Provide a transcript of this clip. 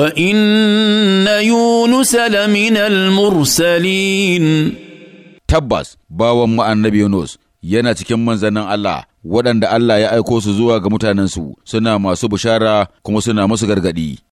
inna يونس لمن المرسلين تبس باwan mu annabi Yunus yana cikin manzannin Allah waɗanda Allah ya aiko su zuwa ga mutanensu suna masu bishara kuma suna masu gargaɗi.